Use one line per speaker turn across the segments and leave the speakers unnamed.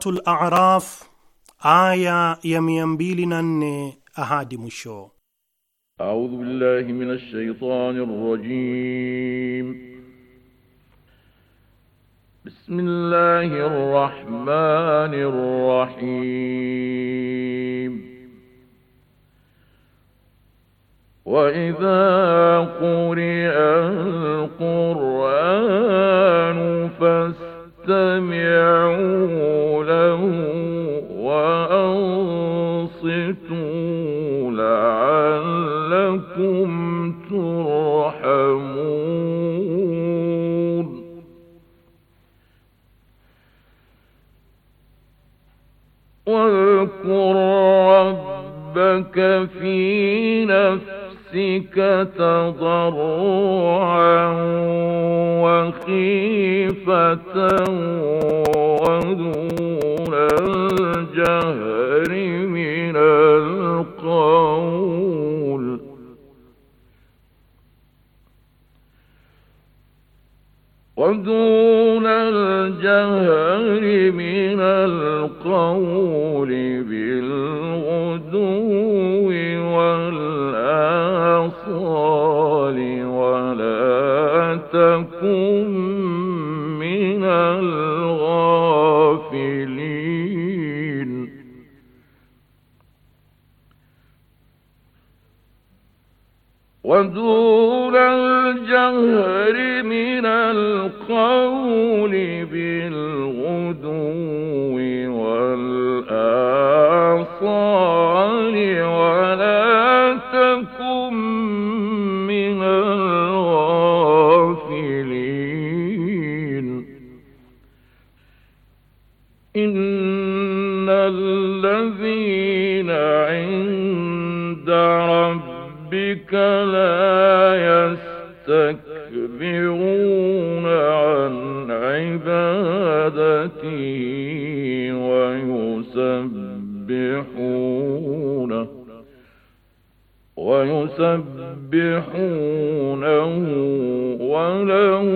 Suratul A'raf aya ya mia mbili na nne ahadi mwisho.
A'udhu billahi minash shaitanir rajim. بسم الله الرحمن الرحيم وإذا قرئ القرآن فاستمعوا وأنصتوا لعلكم ترحمون واذكر ربك في نفسك تضرعا وخيفة ودون من القول ودون الجهر من القول بالغدو والآصال ولا تكن من الغافلين إن الذين عند ربك لا يستكبر يسبحونه وله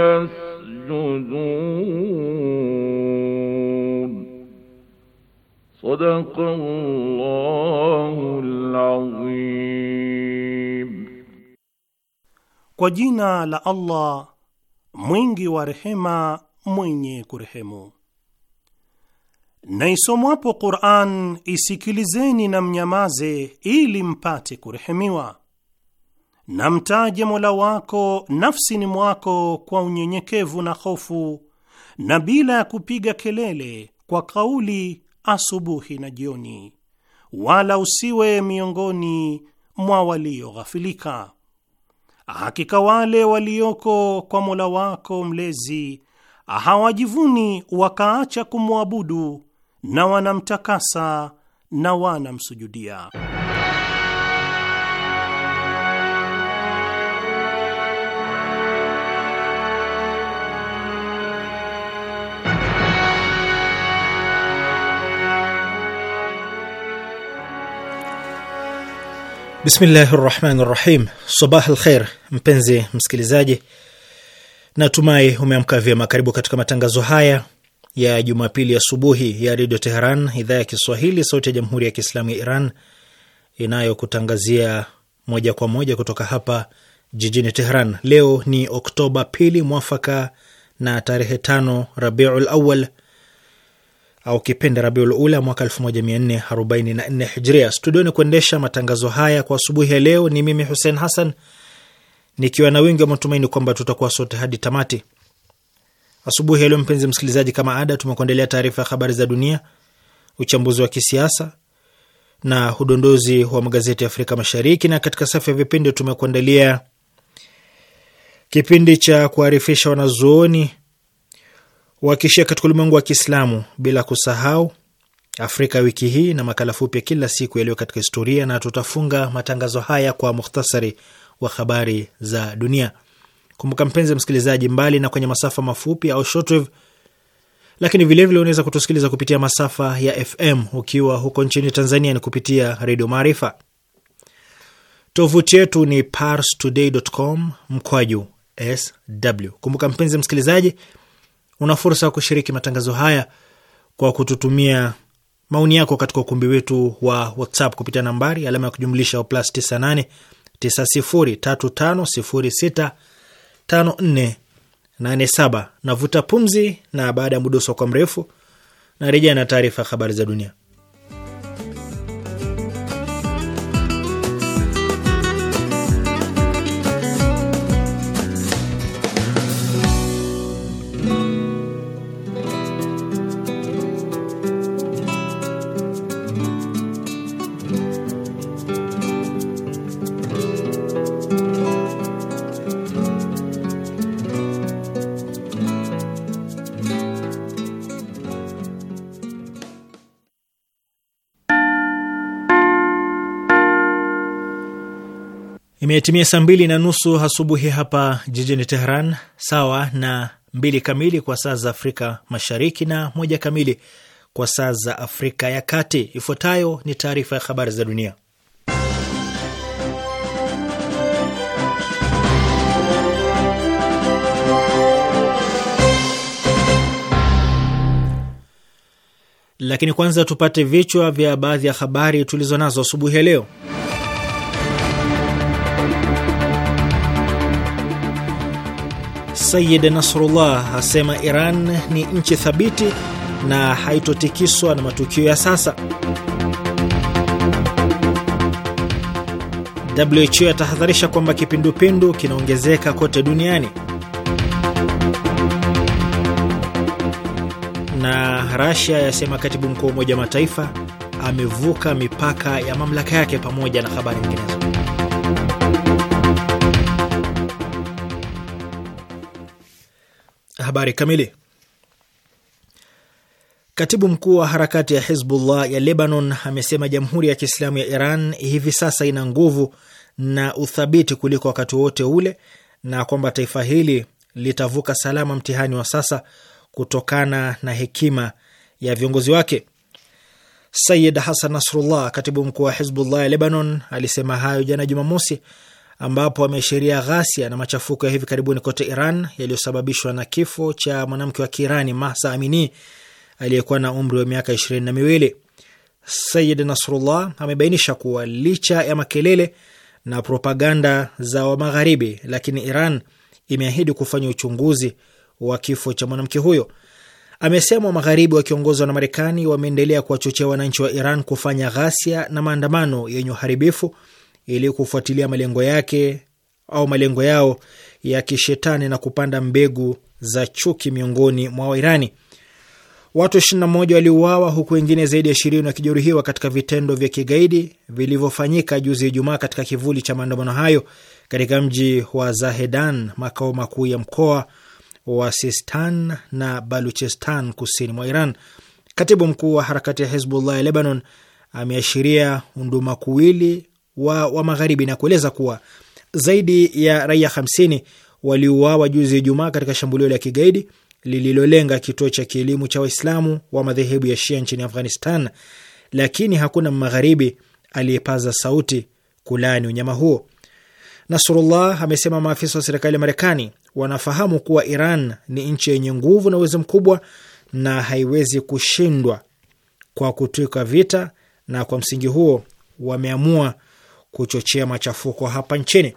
يسجدون صدق الله العظيم Kwa jina la Allah mwingi wa
rehema mwenye kurehemu. Na isomwapo Qur'an isikilizeni na mnyamaze, ili mpate kurehemiwa. Na mtaje Mola wako nafsini mwako kwa unyenyekevu na hofu, na bila ya kupiga kelele, kwa kauli asubuhi na jioni, wala usiwe miongoni mwa walioghafilika. Hakika wale walioko kwa Mola wako mlezi hawajivuni wakaacha kumwabudu na wanamtakasa na wanamsujudia. Bismillahi rahmani rahim. Sabah alkheir, mpenzi msikilizaji, natumai umeamka vyema. Karibu katika matangazo haya ya Jumapili asubuhi ya, ya Redio Teheran, idhaa ya Kiswahili, sauti ya Jamhuri ya Kiislamu ya Iran inayokutangazia moja kwa moja kutoka hapa jijini Teheran. Leo ni Oktoba pili mwafaka na tarehe tano Rabiul Awal au kipenda Rabiul Ula mwaka 1444 Hijria. Studioni kuendesha matangazo haya kwa asubuhi ya leo ni mimi Hussein Hassan nikiwa na wingi wa matumaini kwamba tutakuwa sote hadi tamati. Asubuhi ya leo, mpenzi msikilizaji, kama ada, tumekuandalia taarifa ya habari za dunia, uchambuzi wa kisiasa na udondozi wa magazeti ya Afrika Mashariki, na katika safu ya vipindi tumekuandalia kipindi cha kuarifisha wanazuoni wa kishia katika ulimwengu wa Kiislamu, bila kusahau Afrika wiki hii na makala fupi ya kila siku yaliyo katika historia, na tutafunga matangazo haya kwa mukhtasari wa habari za dunia. Kumbuka mpenzi msikilizaji, mbali na kwenye masafa mafupi au shortwave, lakini vilevile unaweza kutusikiliza kupitia masafa ya FM ukiwa huko nchini Tanzania ni kupitia Redio Maarifa. Tovuti yetu ni parstoday.com mkwaju sw. Kumbuka mpenzi msikilizaji, una fursa ya kushiriki matangazo haya kwa kututumia maoni yako katika ukumbi wetu wa WhatsApp kupitia nambari alama ya kujumlisha plus 98 903506 5487. Navuta pumzi, na baada ya muda usiokuwa mrefu narejea na taarifa ya habari za dunia. Imetimia saa mbili na nusu asubuhi hapa jijini Tehran, sawa na mbili kamili kwa saa za Afrika Mashariki na moja kamili kwa saa za Afrika ya Kati. Ifuatayo ni taarifa ya habari za dunia, lakini kwanza tupate vichwa vya baadhi ya habari tulizo nazo asubuhi ya leo. Sayid Nasrullah asema Iran ni nchi thabiti na haitotikiswa na matukio ya sasa. WHO yatahadharisha kwamba kipindupindu kinaongezeka kote duniani. Na Rasia yasema katibu mkuu wa Umoja wa Mataifa amevuka mipaka ya mamlaka yake, pamoja na habari nyinginezo. Habari kamili. Katibu mkuu wa harakati ya Hizbullah ya Lebanon amesema jamhuri ya Kiislamu ya Iran hivi sasa ina nguvu na uthabiti kuliko wakati wote ule na kwamba taifa hili litavuka salama mtihani wa sasa kutokana na hekima ya viongozi wake. Sayid Hasan Nasrullah, katibu mkuu wa Hizbullah ya Lebanon, alisema hayo jana Jumamosi ambapo ameashiria ghasia na machafuko ya hivi karibuni kote Iran yaliyosababishwa na kifo cha mwanamke wa Kiirani Mahsa Amini aliyekuwa na umri wa miaka ishirini na miwili. Sayid Nasrullah amebainisha kuwa licha ya makelele na propaganda za Wamagharibi, lakini Iran imeahidi kufanya uchunguzi wa kifo cha mwanamke huyo. Amesema Magharibi wakiongozwa na Marekani wameendelea kuwachochea wananchi wa Iran kufanya ghasia na maandamano yenye uharibifu ili kufuatilia malengo yake au malengo yao ya kishetani na kupanda mbegu za chuki miongoni mwa Wairani. Watu 21 waliuawa huku wengine zaidi ya 20 wakijeruhiwa katika vitendo vya kigaidi vilivyofanyika juzi Ijumaa katika kivuli cha maandamano hayo katika mji wa Zahedan, makao makuu ya mkoa wa Sistan na Baluchistan kusini mwa Iran. Katibu mkuu wa harakati ya Hezbollah ya Lebanon ameashiria unduma kuwili wa, wa magharibi na kueleza kuwa zaidi ya raia 50 waliuawa juzi Ijumaa katika shambulio la kigaidi lililolenga kituo cha kielimu cha Waislamu wa madhehebu ya Shia nchini Afghanistan, lakini hakuna magharibi aliyepaza sauti kulaani unyama huo. Nasrullah amesema maafisa wa serikali ya Marekani wanafahamu kuwa Iran ni nchi yenye nguvu na uwezo mkubwa na haiwezi kushindwa kwa kutwika vita, na kwa msingi huo wameamua kuchochea machafuko hapa nchini.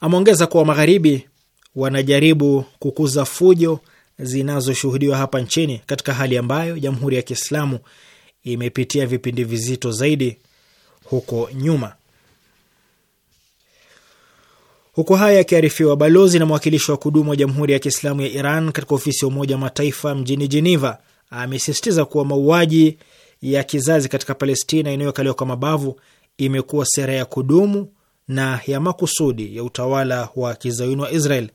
Ameongeza kuwa Magharibi wanajaribu kukuza fujo zinazoshuhudiwa hapa nchini katika hali ambayo Jamhuri ya Kiislamu imepitia vipindi vizito zaidi huko nyuma. Huku haya yakiarifiwa, balozi na mwakilishi wa kudumu wa Jamhuri ya Kiislamu ya Iran katika ofisi ya Umoja wa Mataifa mjini Jeneva amesisitiza kuwa mauaji ya kizazi katika Palestina inayokaliwa kwa mabavu imekuwa sera ya kudumu na ya makusudi ya utawala wa kizayuni wa Israel.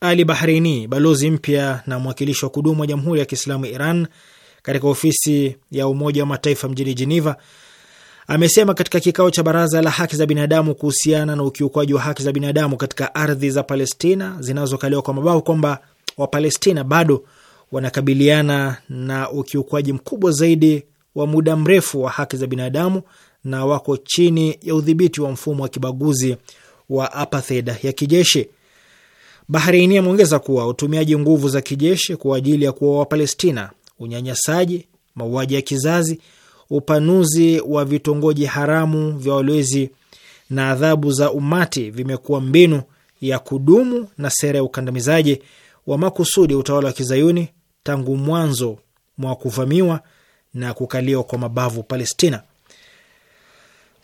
Ali Bahreini, balozi mpya na mwakilishi wa kudumu wa Jamhuri ya Kiislamu Iran katika ofisi ya Umoja wa Mataifa mjini Geneva, amesema katika kikao cha Baraza la Haki za Binadamu kuhusiana na ukiukwaji wa haki za binadamu katika ardhi za Palestina zinazokaliwa kwa mabavu kwamba Wapalestina bado wanakabiliana na ukiukwaji mkubwa zaidi wa muda mrefu wa haki za binadamu na wako chini ya udhibiti wa mfumo wa kibaguzi wa apartheid ya kijeshi. Bahreini ameongeza kuwa utumiaji nguvu za kijeshi kwa ajili ya kuwa Wapalestina, unyanyasaji, mauaji ya kizazi, upanuzi wa vitongoji haramu vya walowezi na adhabu za umati vimekuwa mbinu ya kudumu na sera ya ukandamizaji wa makusudi utawala wa kizayuni tangu mwanzo mwa kuvamiwa na kukaliwa kwa mabavu Palestina.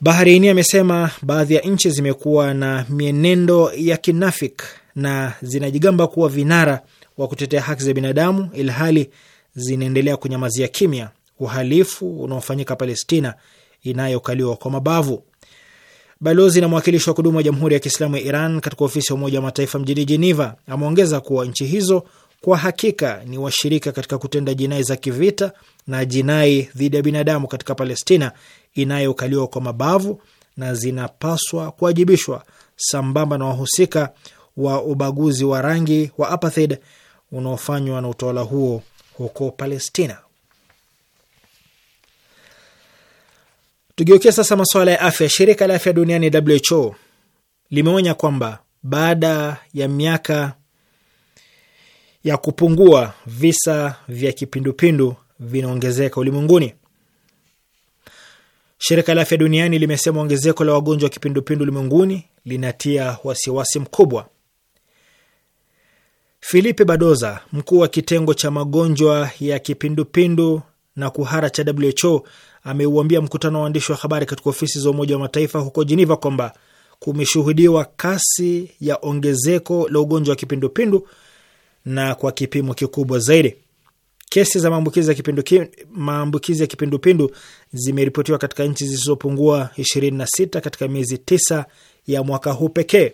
Baharini amesema baadhi ya nchi zimekuwa na mienendo ya kinafik na zinajigamba kuwa vinara wa kutetea haki za binadamu, ilhali zinaendelea kunyamazia kimya uhalifu unaofanyika Palestina inayokaliwa kwa mabavu. Balozi na mwakilishi wa kudumu wa Jamhuri ya Kiislamu ya Iran katika ofisi ya Umoja wa Mataifa mjini Geneva ameongeza kuwa nchi hizo kwa hakika ni washirika katika kutenda jinai za kivita na jinai dhidi ya binadamu katika Palestina inayokaliwa kwa mabavu na zinapaswa kuwajibishwa sambamba na wahusika wa ubaguzi wa rangi wa apartheid unaofanywa na utawala huo huko Palestina. Tugeukie sasa masuala ya afya. Shirika la afya duniani WHO limeonya kwamba baada ya miaka ya kupungua visa vya kipindupindu vinaongezeka ulimwenguni. Shirika la afya duniani limesema ongezeko la wagonjwa wa kipindupindu ulimwenguni linatia wasiwasi mkubwa. Filipe Badoza, mkuu wa kitengo cha magonjwa ya kipindupindu na kuhara cha WHO, ameuambia mkutano wa waandishi wa habari katika ofisi za Umoja wa Mataifa huko Jeneva kwamba kumeshuhudiwa kasi ya ongezeko la ugonjwa wa kipindupindu na kwa kipimo kikubwa zaidi. Kesi za maambukizi ya kipindu, maambukizi ya kipindupindu zimeripotiwa katika nchi zisizopungua 26 katika miezi tisa ya mwaka huu pekee.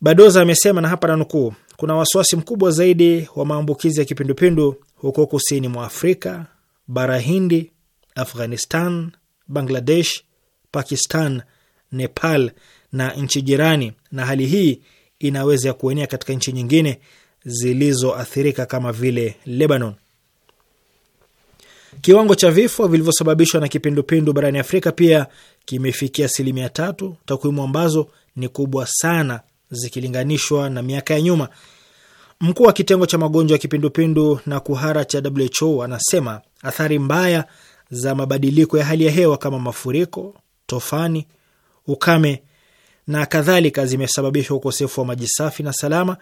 Badoza amesema, na hapa nanukuu, kuna wasiwasi mkubwa zaidi wa maambukizi ya kipindupindu huko kusini mwa Afrika, bara Hindi, Afghanistan, Bangladesh, Pakistan, Nepal na nchi jirani, na hali hii inaweza kuenea katika nchi nyingine zilizoathirika kama vile Lebanon. Kiwango cha vifo vilivyosababishwa na kipindupindu barani Afrika pia kimefikia asilimia tatu, takwimu ambazo ni kubwa sana zikilinganishwa na miaka ya nyuma. Mkuu wa kitengo cha magonjwa ya kipindupindu na kuhara cha WHO anasema athari mbaya za mabadiliko ya hali ya hewa kama mafuriko, tofani, ukame na kadhalika zimesababisha ukosefu wa maji safi na salama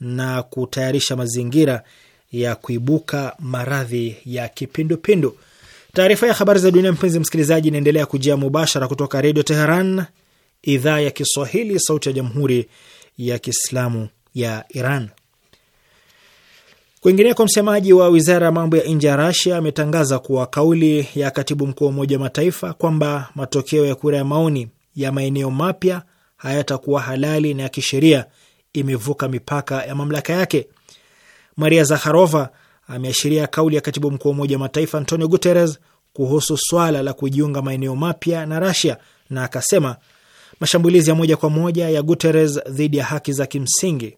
na kutayarisha mazingira ya kuibuka maradhi ya kipindupindu. Taarifa ya habari za dunia, mpenzi msikilizaji, inaendelea kujia mubashara kutoka Redio Teheran, idhaa ya Kiswahili, sauti ya Jamhuri ya Kiislamu ya Iran. Kwingineko, msemaji wa wizara ya mambo ya nje ya Rasia ametangaza kuwa kauli ya katibu mkuu wa Umoja wa Mataifa kwamba matokeo ya kura ya maoni ya maeneo mapya hayatakuwa halali na ya kisheria imevuka mipaka ya mamlaka yake. Maria Zakharova ameashiria kauli ya katibu mkuu wa Umoja wa Mataifa Antonio Guterres kuhusu swala la kujiunga maeneo mapya na Rasia na akasema mashambulizi ya moja kwa moja ya Guterres dhidi ya haki za kimsingi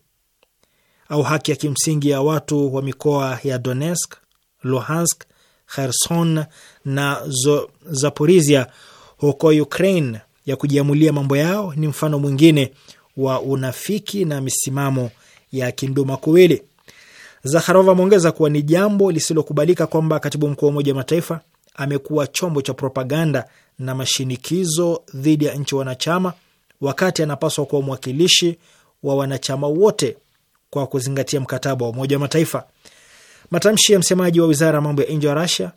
au haki ya kimsingi ya watu wa mikoa ya Donetsk, Luhansk, Kherson na Zaporizhia huko Ukraine ya kujiamulia mambo yao ni mfano mwingine wa unafiki na misimamo ya kinduma kuwili. Zakharova ameongeza kuwa ni jambo lisilokubalika kwamba katibu mkuu wa Umoja wa Mataifa amekuwa chombo cha propaganda na mashinikizo dhidi ya nchi wanachama, wakati anapaswa kuwa mwakilishi wa wanachama wote kwa kuzingatia mkataba wa Umoja wa Mataifa. Matamshi ya msemaji wa wizara ya mambo ya nje wa Rasia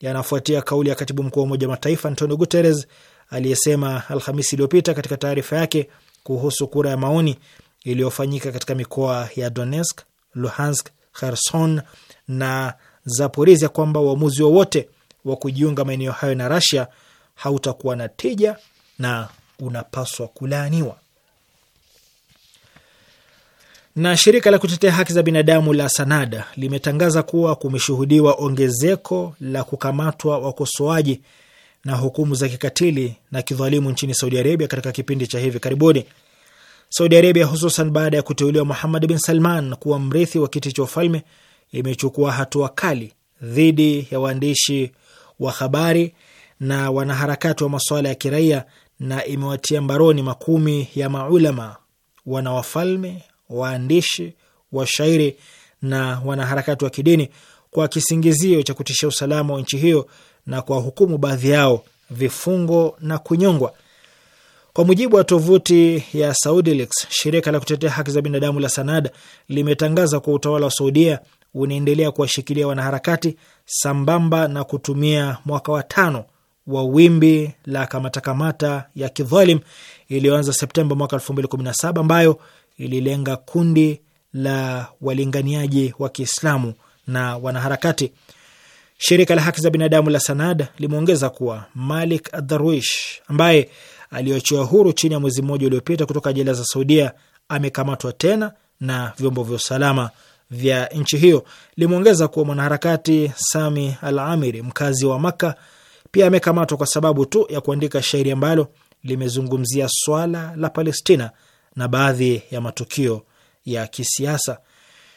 yanafuatia kauli ya katibu mkuu wa Umoja wa Mataifa Antonio Guterres aliyesema Alhamisi iliyopita katika taarifa yake kuhusu kura ya maoni iliyofanyika katika mikoa ya Donetsk, Luhansk, Kherson na Zaporizhia kwamba uamuzi wowote wa kujiunga maeneo hayo na Rasia hautakuwa na tija na unapaswa kulaaniwa. Na shirika la kutetea haki za binadamu la Sanada limetangaza kuwa kumeshuhudiwa ongezeko la kukamatwa wakosoaji na hukumu za kikatili na kidhalimu nchini Saudi Arabia katika kipindi cha hivi karibuni. Saudi Arabia, hususan baada ya kuteuliwa Muhammad bin Salman kuwa mrithi wa kiti cha ufalme, imechukua hatua kali dhidi ya waandishi wa habari na wanaharakati wa masuala ya kiraia na imewatia mbaroni makumi ya maulama, wanawafalme, waandishi, washairi na wanaharakati wa kidini kwa kisingizio cha kutishia usalama wa nchi hiyo na kwa hukumu baadhi yao vifungo na kunyongwa. Kwa mujibu wa tovuti ya Saudilix, shirika la kutetea haki za binadamu la Sanad limetangaza kwa utawala wa Saudia unaendelea kuwashikilia wanaharakati sambamba na kutumia mwaka wa tano wa wimbi la kamatakamata ya kidhalim iliyoanza Septemba mwaka 2017 ambayo ililenga kundi la walinganiaji wa Kiislamu na wanaharakati. Shirika la haki za binadamu la Sanad limeongeza kuwa Malik Adharwish ambaye aliyoachiwa huru chini ya mwezi mmoja uliopita kutoka jela za Saudia amekamatwa tena na vyombo vya usalama vya nchi hiyo. Limeongeza kuwa mwanaharakati Sami Al Amiri, mkazi wa Makka, pia amekamatwa kwa sababu tu ya kuandika shairi ambalo limezungumzia swala la Palestina na baadhi ya matukio ya kisiasa.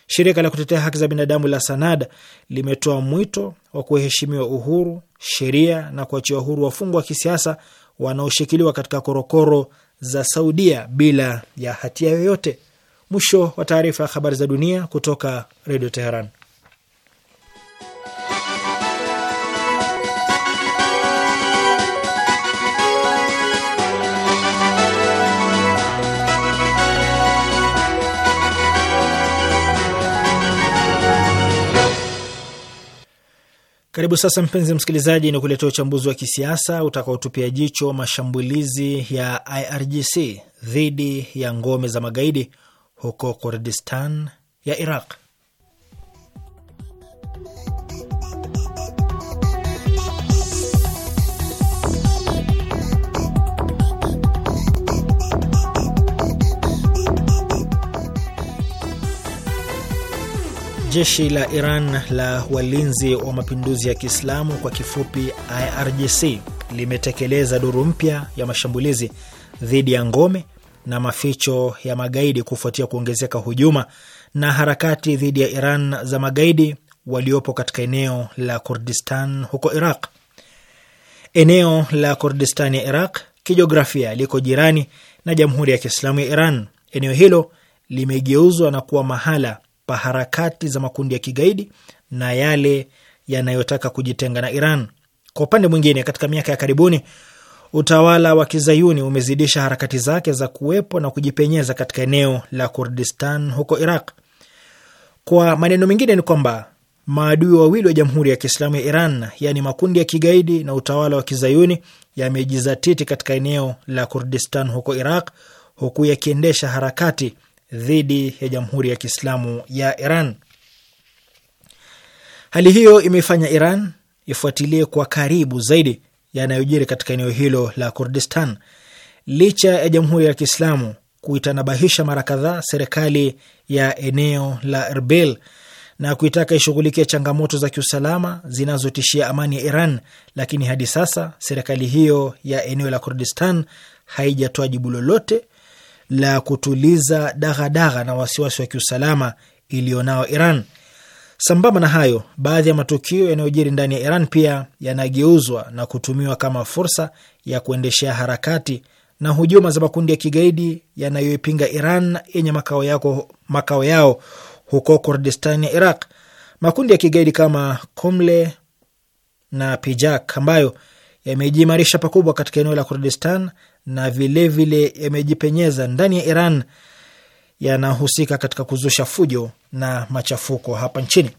Shirika la kutetea haki za binadamu la Sanada limetoa mwito wa kuheshimiwa uhuru, sheria na kuachiwa uhuru wafungwa wa kisiasa wanaoshikiliwa katika korokoro za Saudia bila ya hatia yoyote. Mwisho wa taarifa ya habari za dunia kutoka Redio Teheran. Karibu sasa, mpenzi msikilizaji, ni kuletea uchambuzi wa kisiasa utakaotupia jicho mashambulizi ya IRGC dhidi ya ngome za magaidi huko Kurdistan ya Iraq. Jeshi la Iran la walinzi wa mapinduzi ya Kiislamu kwa kifupi IRGC limetekeleza duru mpya ya mashambulizi dhidi ya ngome na maficho ya magaidi kufuatia kuongezeka hujuma na harakati dhidi ya Iran za magaidi waliopo katika eneo la Kurdistan huko Iraq. Eneo la Kurdistan ya Iraq kijiografia liko jirani na Jamhuri ya Kiislamu ya Iran. Eneo hilo limegeuzwa na kuwa mahala pa harakati za makundi ya kigaidi na yale yanayotaka kujitenga na Iran. Kwa upande mwingine, katika miaka ya karibuni utawala wa kizayuni umezidisha harakati zake za kuwepo na kujipenyeza katika eneo la Kurdistan huko Iraq. Kwa maneno mengine, ni kwamba maadui wawili wa Jamhuri ya Kiislamu ya Iran, yaani makundi ya kigaidi na utawala wa kizayuni, yamejizatiti katika eneo la Kurdistan huko Iraq, huku yakiendesha harakati dhidi ya Jamhuri ya Kiislamu ya Iran. Hali hiyo imefanya Iran ifuatilie kwa karibu zaidi yanayojiri katika eneo hilo la Kurdistan, licha ya Jamhuri ya Kiislamu kuitanabahisha mara kadhaa serikali ya eneo la Erbil na kuitaka ishughulikia changamoto za kiusalama zinazotishia amani ya Iran, lakini hadi sasa serikali hiyo ya eneo la Kurdistan haijatoa jibu lolote la kutuliza daghadagha na wasiwasi wa kiusalama iliyonao Iran. Sambamba na hayo, baadhi ya matukio yanayojiri ndani ya Iran pia yanageuzwa na kutumiwa kama fursa ya kuendeshea harakati na hujuma za makundi ya kigaidi yanayoipinga Iran yenye makao yako makao yao huko Kurdistan ya Iraq. Makundi ya kigaidi kama Komle na Pijak ambayo yamejiimarisha pakubwa katika eneo la Kurdistan na vilevile yamejipenyeza ndani ya Iran yanahusika katika kuzusha fujo na machafuko hapa nchini.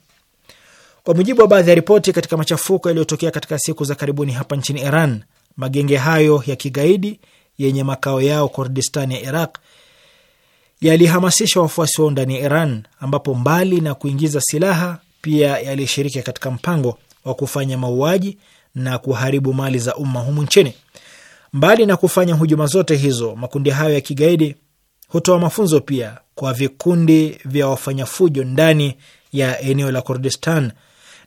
Kwa mujibu wa baadhi ya ripoti, katika machafuko yaliyotokea katika siku za karibuni hapa nchini Iran, magenge hayo ya kigaidi yenye makao yao Kurdistan ya Iraq yalihamasisha wafuasi wao ndani ya Iran, ambapo mbali na kuingiza silaha pia yalishiriki katika mpango wa kufanya mauaji na kuharibu mali za umma humu nchini. Mbali na kufanya hujuma zote hizo, makundi hayo ya kigaidi hutoa mafunzo pia kwa vikundi vya wafanya fujo ndani ya eneo la Kurdistan,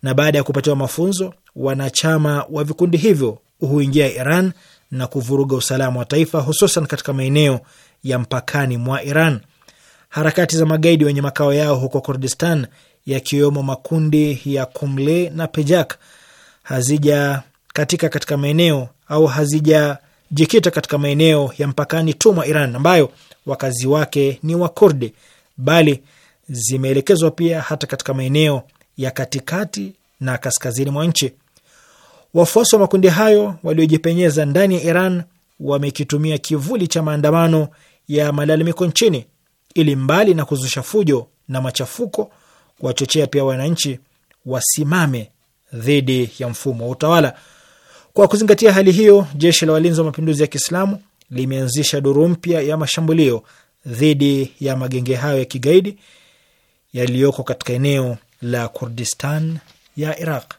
na baada ya kupatiwa mafunzo, wanachama wa vikundi hivyo huingia Iran na kuvuruga usalama wa taifa, hususan katika maeneo ya mpakani mwa Iran. Harakati za magaidi wenye makao yao huko Kurdistan, yakiwemo makundi ya Kumle na Pejak, katika katika maeneo au hazija kujikita katika maeneo ya mpakani tu mwa Iran ambayo wakazi wake ni wakurdi bali zimeelekezwa pia hata katika maeneo ya katikati na kaskazini mwa nchi. Wafuasi wa makundi hayo waliojipenyeza ndani ya Iran wamekitumia kivuli cha maandamano ya malalamiko nchini ili mbali na kuzusha fujo na machafuko, kuwachochea pia wananchi wasimame dhidi ya mfumo wa utawala. Kwa kuzingatia hali hiyo, jeshi la walinzi wa mapinduzi ya Kiislamu limeanzisha duru mpya ya mashambulio dhidi ya magenge hayo ya kigaidi yaliyoko katika eneo la Kurdistan ya Iraq.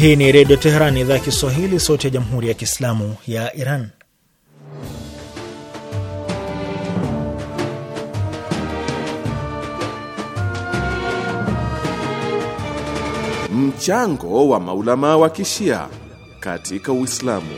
Hii ni Redio Teheran, idhaa ya Kiswahili, sauti ya Jamhuri ya Kiislamu ya Iran.
Mchango wa maulama wa kishia
katika Uislamu.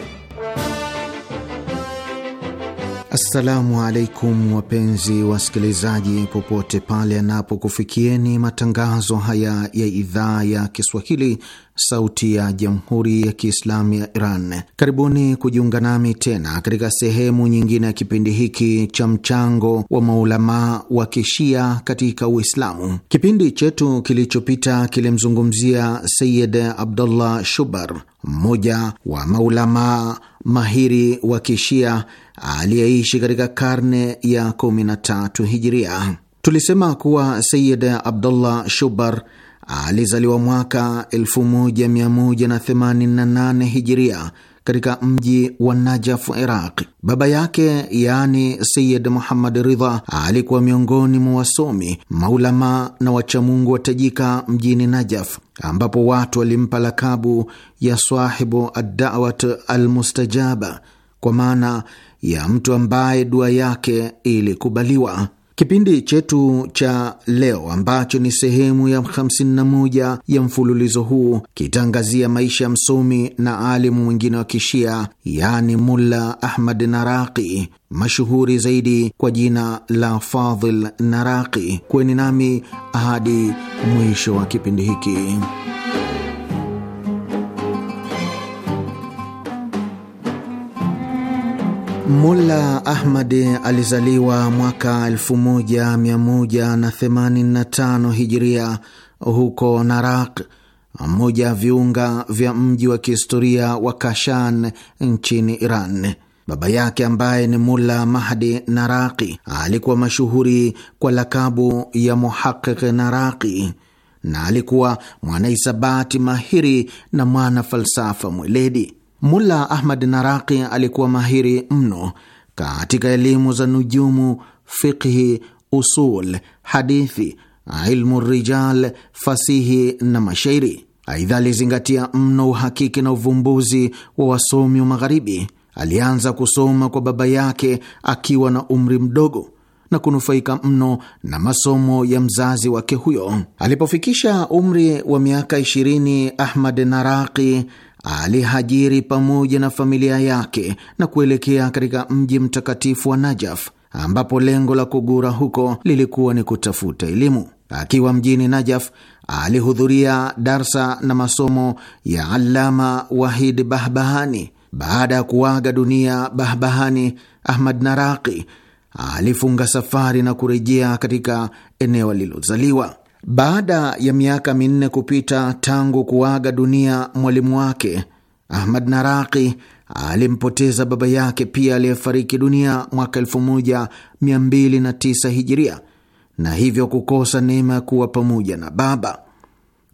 Assalamu alaikum wapenzi wasikilizaji, popote pale anapokufikieni matangazo haya ya idhaa ya Kiswahili, Sauti ya Jamhuri ya Kiislamu ya Iran. Karibuni kujiunga nami tena katika sehemu nyingine ya kipindi hiki cha mchango wa maulamaa wa kishia katika Uislamu. Kipindi chetu kilichopita kilimzungumzia Sayid Abdullah Shubar, mmoja wa maulamaa mahiri wa kishia aliyeishi katika karne ya 13 Hijiria. Tulisema kuwa Sayid Abdullah Shubar alizaliwa mwaka 1188 Hijiria katika mji wa Najaf, Iraq. Baba yake yaani Sayid Muhammad Ridha alikuwa miongoni mwa wasomi, maulama na wachamungu wa tajika mjini Najaf, ambapo watu walimpa lakabu ya Swahibu Addawat Almustajaba, kwa maana ya mtu ambaye dua yake ilikubaliwa. Kipindi chetu cha leo ambacho ni sehemu ya 51 ya mfululizo huu kitaangazia maisha ya msomi na alimu mwingine wa Kishia, yani Mulla Ahmad Naraqi, mashuhuri zaidi kwa jina la Fadhil Naraqi. kweni nami hadi mwisho wa kipindi hiki. Mulla Ahmadi alizaliwa mwaka 1185 Hijiria huko Naraq, mmoja ya viunga vya mji wa kihistoria wa Kashan nchini Iran. Baba yake ambaye ni Mulla Mahdi Naraqi alikuwa mashuhuri kwa lakabu ya Muhaqiq Naraqi na alikuwa mwanahisabati mahiri na mwana falsafa mweledi. Mulla Ahmad Naraqi alikuwa mahiri mno katika elimu za nujumu, fiqhi, usul, hadithi, ilmu rijal, fasihi na mashairi. Aidha, alizingatia mno uhakiki na uvumbuzi wa wasomi wa Magharibi. Alianza kusoma kwa baba yake akiwa na umri mdogo na kunufaika mno na masomo ya mzazi wake huyo. Alipofikisha umri wa miaka 20, Ahmad Naraqi alihajiri pamoja na familia yake na kuelekea katika mji mtakatifu wa Najaf ambapo lengo la kugura huko lilikuwa ni kutafuta elimu. Akiwa mjini Najaf alihudhuria darsa na masomo ya Allama Wahid Bahbahani. Baada ya kuaga dunia Bahbahani, Ahmad Naraqi alifunga safari na kurejea katika eneo alilozaliwa. Baada ya miaka minne kupita tangu kuaga dunia mwalimu wake, Ahmad Naraki alimpoteza baba yake pia aliyefariki dunia mwaka 1209 Hijiria, na hivyo kukosa neema ya kuwa pamoja na baba.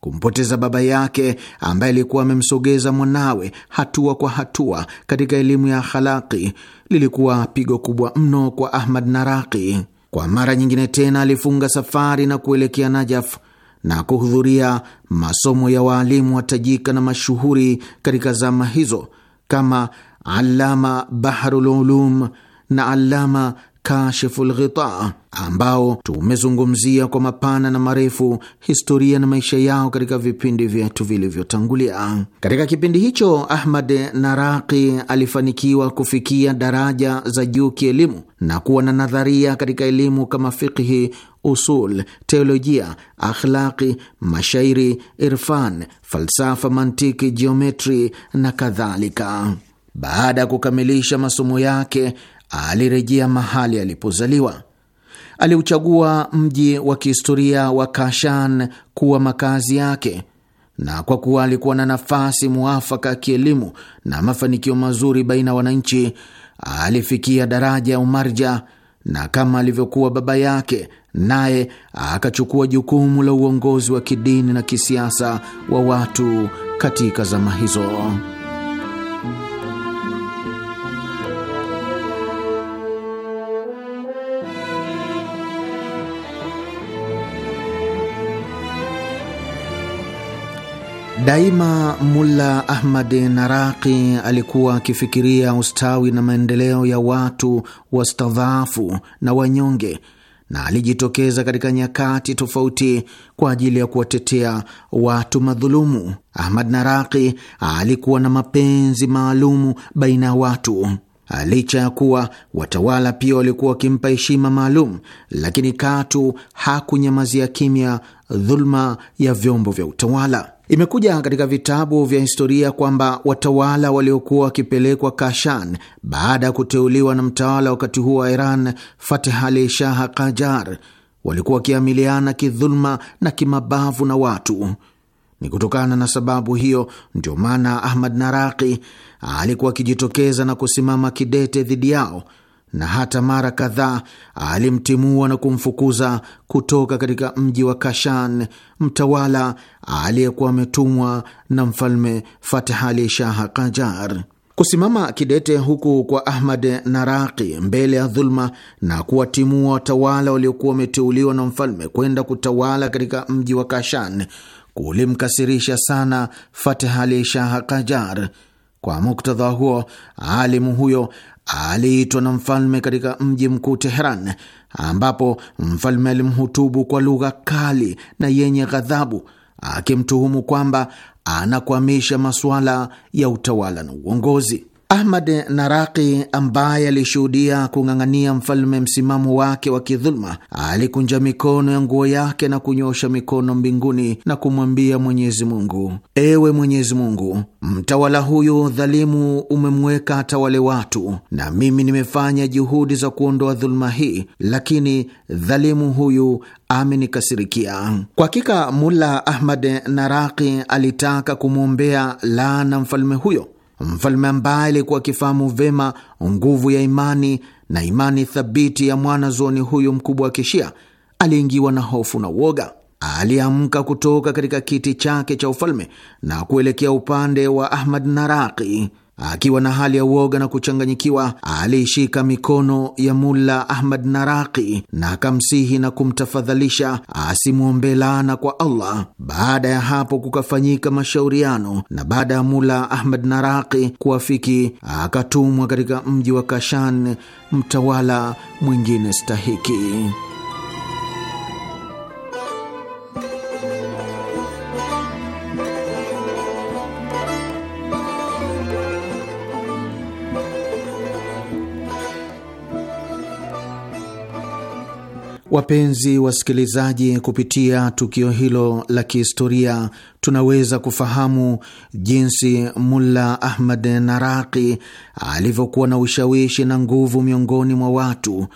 Kumpoteza baba yake ambaye alikuwa amemsogeza mwanawe hatua kwa hatua katika elimu ya khalaki lilikuwa pigo kubwa mno kwa Ahmad Naraki. Kwa mara nyingine tena alifunga safari na kuelekea Najaf na kuhudhuria masomo ya waalimu watajika na mashuhuri katika zama hizo kama Allama Baharululum na Allama Kashiful Ghita ambao tumezungumzia kwa mapana na marefu historia na maisha yao katika vipindi vyetu vilivyotangulia. Katika kipindi hicho, Ahmad Naraqi alifanikiwa kufikia daraja za juu kielimu na kuwa na nadharia katika elimu kama fikhi usul, teolojia, akhlaqi, mashairi, irfan, falsafa, mantiki, geometri na kadhalika. Baada ya kukamilisha masomo yake alirejea mahali alipozaliwa. Aliuchagua mji wa kihistoria wa Kashan kuwa makazi yake, na kwa kuwa alikuwa na nafasi muafaka ya kielimu na mafanikio mazuri baina ya wananchi, alifikia daraja ya umarja, na kama alivyokuwa baba yake, naye akachukua jukumu la uongozi wa kidini na kisiasa wa watu katika zama hizo. Daima Mulla Ahmad Naraqi alikuwa akifikiria ustawi na maendeleo ya watu wastadhaafu na wanyonge, na alijitokeza katika nyakati tofauti kwa ajili ya kuwatetea watu madhulumu. Ahmad Naraqi alikuwa na mapenzi maalumu baina ya watu. Licha ya kuwa watawala pia walikuwa wakimpa heshima maalum, lakini katu hakunyamazia kimya dhuluma ya vyombo vya utawala. Imekuja katika vitabu vya historia kwamba watawala waliokuwa wakipelekwa Kashan baada ya kuteuliwa na mtawala wakati huo wa Iran Fatih Ali Shah Kajar walikuwa wakiamiliana kidhuluma na kimabavu na watu. Ni kutokana na sababu hiyo ndio maana Ahmad Naraki alikuwa akijitokeza na kusimama kidete dhidi yao na hata mara kadhaa alimtimua na kumfukuza kutoka katika mji wa Kashan mtawala aliyekuwa ametumwa na mfalme Fatih Ali Shah Kajar. Kusimama kidete huku kwa Ahmad Naraki mbele ya dhuluma na kuwatimua watawala waliokuwa wameteuliwa na mfalme kwenda kutawala katika mji wa Kashan kulimkasirisha sana Fatih Ali Shah Kajar. Kwa muktadha huo, alimu huyo aliitwa na mfalme katika mji mkuu Teheran, ambapo mfalme alimhutubu kwa lugha kali na yenye ghadhabu, akimtuhumu kwamba anakwamisha masuala ya utawala na uongozi. Ahmad Naraki ambaye alishuhudia kung'ang'ania mfalme msimamo wake wa kidhuluma, alikunja mikono ya nguo yake na kunyosha mikono mbinguni na kumwambia Mwenyezi Mungu, ewe Mwenyezi Mungu, mtawala huyu dhalimu umemweka atawale watu, na mimi nimefanya juhudi za kuondoa dhuluma hii, lakini dhalimu huyu amenikasirikia. Kwa hakika Mulla Ahmad Naraki alitaka kumwombea laana mfalme huyo Mfalme ambaye alikuwa akifahamu vema nguvu ya imani na imani thabiti ya mwana mwanazuoni huyu mkubwa wa Kishia aliingiwa na hofu na uoga. Aliamka kutoka katika kiti chake cha ufalme na kuelekea upande wa Ahmad Naraki. Akiwa na hali ya uoga na kuchanganyikiwa, aliishika mikono ya Mulla Ahmad Naraki na akamsihi na kumtafadhalisha asimwombe laana kwa Allah. Baada ya hapo kukafanyika mashauriano, na baada ya Mulla Ahmad Naraki kuwafiki, akatumwa katika mji wa Kashan mtawala mwingine stahiki. Wapenzi wasikilizaji, kupitia tukio hilo la kihistoria tunaweza kufahamu jinsi Mulla Ahmad Naraqi alivyokuwa na ushawishi na nguvu miongoni mwa watu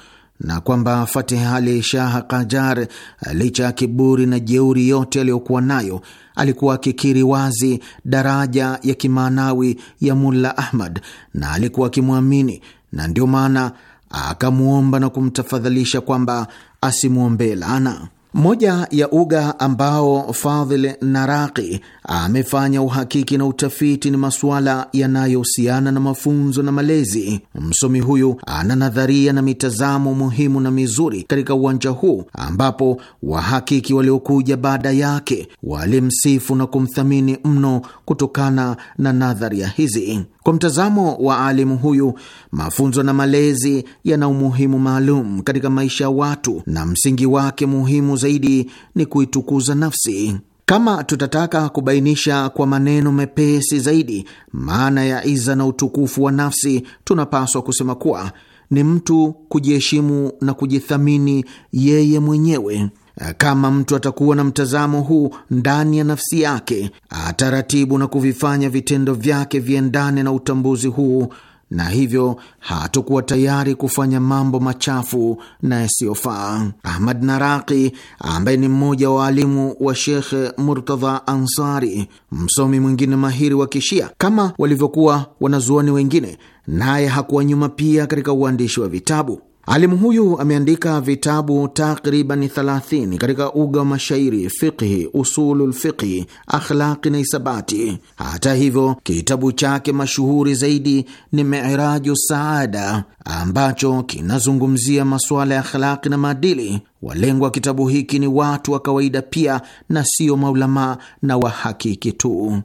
na kwamba Fatih Ali Shah Kajar, licha ya kiburi na jeuri yote aliyokuwa nayo, alikuwa akikiri wazi daraja ya kimaanawi ya Mulla Ahmad na alikuwa akimwamini, na ndio maana akamwomba na kumtafadhalisha kwamba asimwombee laana. Moja ya uga ambao Fadhil Naraqi amefanya uhakiki na utafiti ni masuala yanayohusiana na mafunzo na malezi. Msomi huyu ana nadharia na mitazamo muhimu na mizuri katika uwanja huu, ambapo wahakiki waliokuja baada yake walimsifu na kumthamini mno kutokana na nadharia hizi. Kwa mtazamo wa alimu huyu, mafunzo na malezi yana umuhimu maalum katika maisha ya watu, na msingi wake muhimu zaidi ni kuitukuza nafsi. Kama tutataka kubainisha kwa maneno mepesi zaidi maana ya iza na utukufu wa nafsi, tunapaswa kusema kuwa ni mtu kujiheshimu na kujithamini yeye mwenyewe. Eh, kama mtu atakuwa na mtazamo huu ndani ya nafsi yake, ataratibu na kuvifanya vitendo vyake viendane na utambuzi huu, na hivyo hatakuwa tayari kufanya mambo machafu na yasiyofaa. Ahmad Naraqi, ambaye ni mmoja wa waalimu wa Shekh Murtadha Ansari, msomi mwingine mahiri wa Kishia, kama walivyokuwa wanazuoni wengine, naye hakuwa nyuma pia katika uandishi wa vitabu. Alimu huyu ameandika vitabu takriban 30 katika uga wa mashairi, fiqhi, usulul fiqhi, akhlaqi na isabati. Hata hivyo, kitabu chake mashuhuri zaidi ni Miraju Saada ambacho kinazungumzia masuala ya akhlaqi na maadili. Walengwa kitabu hiki ni watu wa kawaida pia na sio maulamaa na wahakiki tu.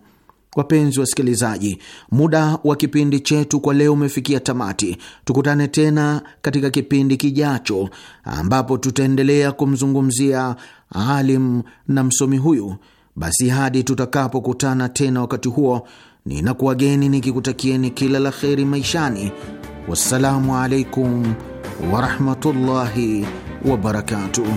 Wapenzi wasikilizaji, muda wa kipindi chetu kwa leo umefikia tamati. Tukutane tena katika kipindi kijacho, ambapo tutaendelea kumzungumzia alim na msomi huyu. Basi hadi tutakapokutana tena, wakati huo ninakuwageni nikikutakieni kila la kheri maishani. Wassalamu alaikum warahmatullahi wabarakatuh.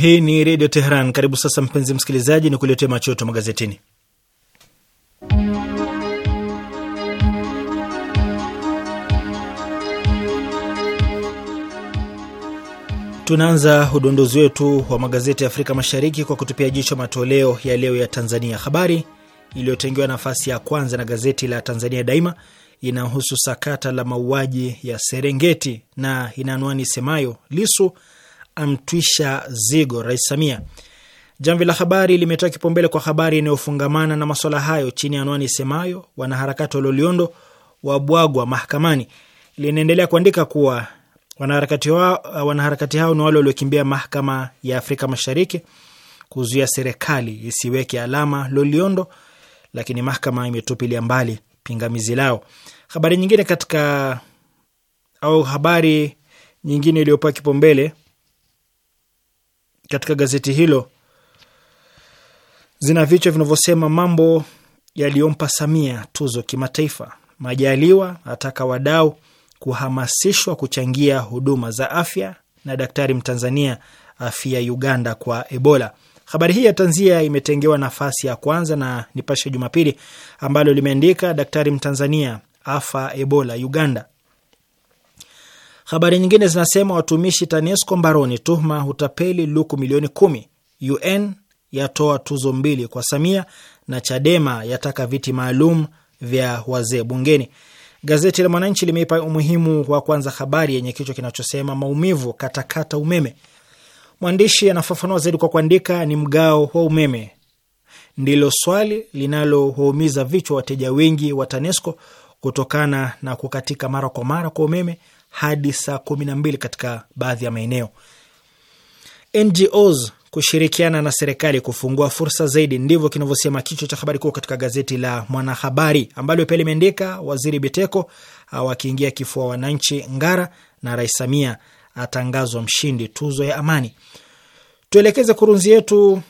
Hii ni Redio Teheran. Karibu sasa, mpenzi msikilizaji, ni kuletea machoto magazetini. Tunaanza udondozi wetu wa magazeti ya Afrika Mashariki kwa kutupia jicho matoleo ya leo ya Tanzania. Habari iliyotengewa nafasi ya kwanza na gazeti la Tanzania Daima inahusu sakata la mauaji ya Serengeti na ina anwani semayo Lisu amtwisha zigo Rais Samia. Jamvi la Habari limetoa kipaumbele kwa habari inayofungamana na maswala hayo chini ya anwani isemayo wanaharakati wa Loliondo wabwagwa mahakamani. Linaendelea kuandika kuwa wanaharakati, wa, wanaharakati hao ni wale waliokimbia mahakama ya Afrika Mashariki kuzuia serikali isiweke alama Loliondo, lakini mahakama imetupilia mbali pingamizi lao. Habari nyingine katika au habari nyingine iliyopewa kipaumbele katika gazeti hilo zina vichwa vinavyosema mambo yaliyompa Samia tuzo kimataifa, Majaliwa ataka wadau kuhamasishwa kuchangia huduma za afya, na daktari mtanzania afia Uganda kwa Ebola. Habari hii ya tanzia imetengewa nafasi ya kwanza na Nipashe Jumapili ambalo limeandika daktari mtanzania afa Ebola Uganda. Habari nyingine zinasema watumishi TANESCO mbaroni tuhuma utapeli luku milioni kumi. UN yatoa tuzo mbili kwa Samia na Chadema yataka viti maalum vya wazee bungeni. Gazeti la Mwananchi limeipa umuhimu wa kwanza habari yenye kichwa kinachosema maumivu katakata umeme. Mwandishi anafafanua zaidi kwa kuandika, ni mgao wa umeme ndilo swali linalowaumiza vichwa wateja wengi wa TANESCO kutokana na kukatika mara kwa mara kwa umeme hadi saa kumi na mbili katika baadhi ya maeneo. NGOs kushirikiana na serikali kufungua fursa zaidi, ndivyo kinavyosema kichwa cha habari kuu katika gazeti la Mwanahabari ambalo pia limeandika Waziri Biteko wakiingia kifua wananchi Ngara na Rais Samia atangazwa mshindi tuzo ya amani. Tuelekeze kurunzi yetu